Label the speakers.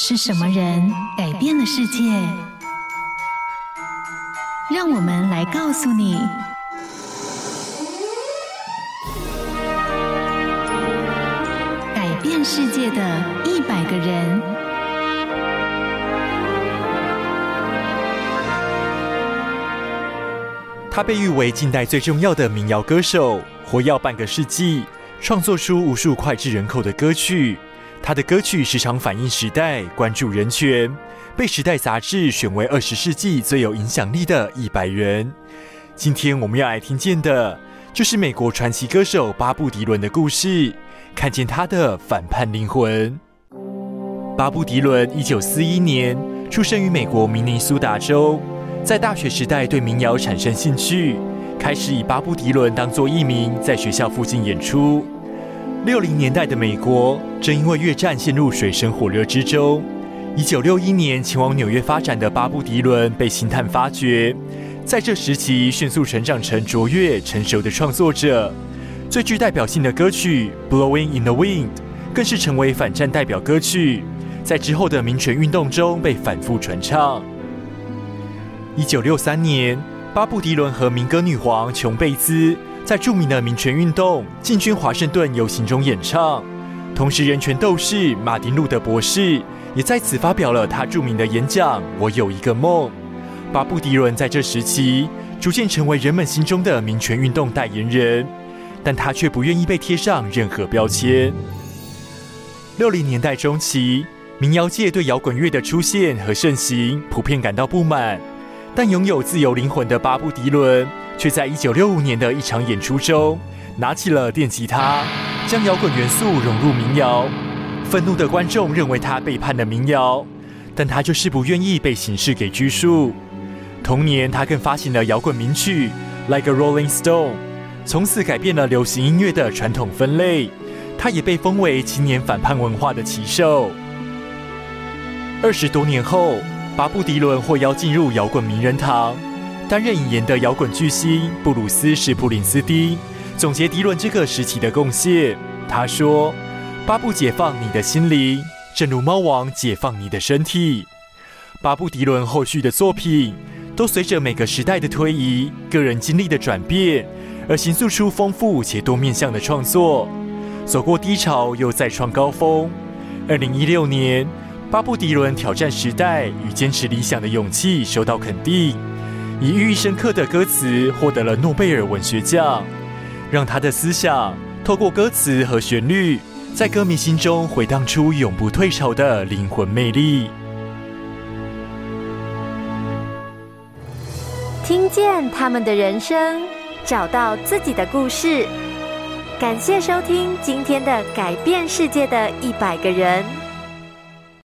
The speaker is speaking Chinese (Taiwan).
Speaker 1: 是什麼人改變了世界？讓我們來告訴你：改變世界的一百個人。他被譽為近代最重要的民謠歌手，活躍半個世紀，創作出無數膾炙人口的歌曲。他的歌曲時常反映時代，關注人權，被《時代》雜誌選為二十世紀最有影響力的一百人。今天我們要來聽見的，就是美國傳奇歌手巴布狄倫的故事，看見他的反叛靈魂。巴布狄倫一九四一年出生於美國明尼蘇達州，在大學時代對民謠產生興趣，開始以巴布狄倫當作藝名在學校附近演出。六零年代的美國，正因為越戰陷入水深火熱之中。一九六一年，前往紐約發展的巴布狄倫被星探發掘，在這時期迅速成長成卓越成熟的創作者。最具代表性的歌曲《Blowing in the Wind》更是成為反戰代表歌曲，在之後的民權運動中被反復傳唱。一九六三年，巴布狄倫和民歌女皇瓊貝茲，在著名的民權運動進軍華盛頓遊行中演唱，同時人權鬥士馬丁·路德博士也在此發表了他著名的演講《我有一個夢》。巴布狄倫在這時期逐漸成為人們心中的民權運動代言人，但他卻不願意被貼上任何標籤。六零年代中期，民謠界對搖滾樂的出現和盛行普遍感到不滿，但擁有自由靈魂的巴布狄倫卻在1965年的一場演出中拿起了電吉他，將搖滾元素融入民謠。憤怒的觀眾認為他背叛了民謠，但他就是不願意被形式給拘束。同年，他更發行了搖滾名曲《Like a Rolling Stone》，從此改變了流行音樂的傳統分類。他也被封為青年反叛文化的旗手。二十多年後，巴布狄倫獲邀進入搖滾名人堂。擔任引言的搖滾巨星布魯斯史普林斯汀總結迪倫這個時期的貢獻，他說：“巴布解放你的心靈，正如貓王解放你的身體。”巴布迪倫後續的作品都隨着每個時代的推移、個人經歷的轉變而形塑出豐富且多面向的創作，走過低潮又再創高峰。二零一六年，巴布迪倫挑戰時代與堅持理想的勇氣受到肯定。以寓意深刻的歌詞獲得了諾貝爾文學獎，讓他的思想透過歌詞和旋律，在歌迷心中回盪出永不退潮的靈魂魅力。聽見他們的人生，找到自己的故事。感謝收聽今天的《改變世界的一百個人》。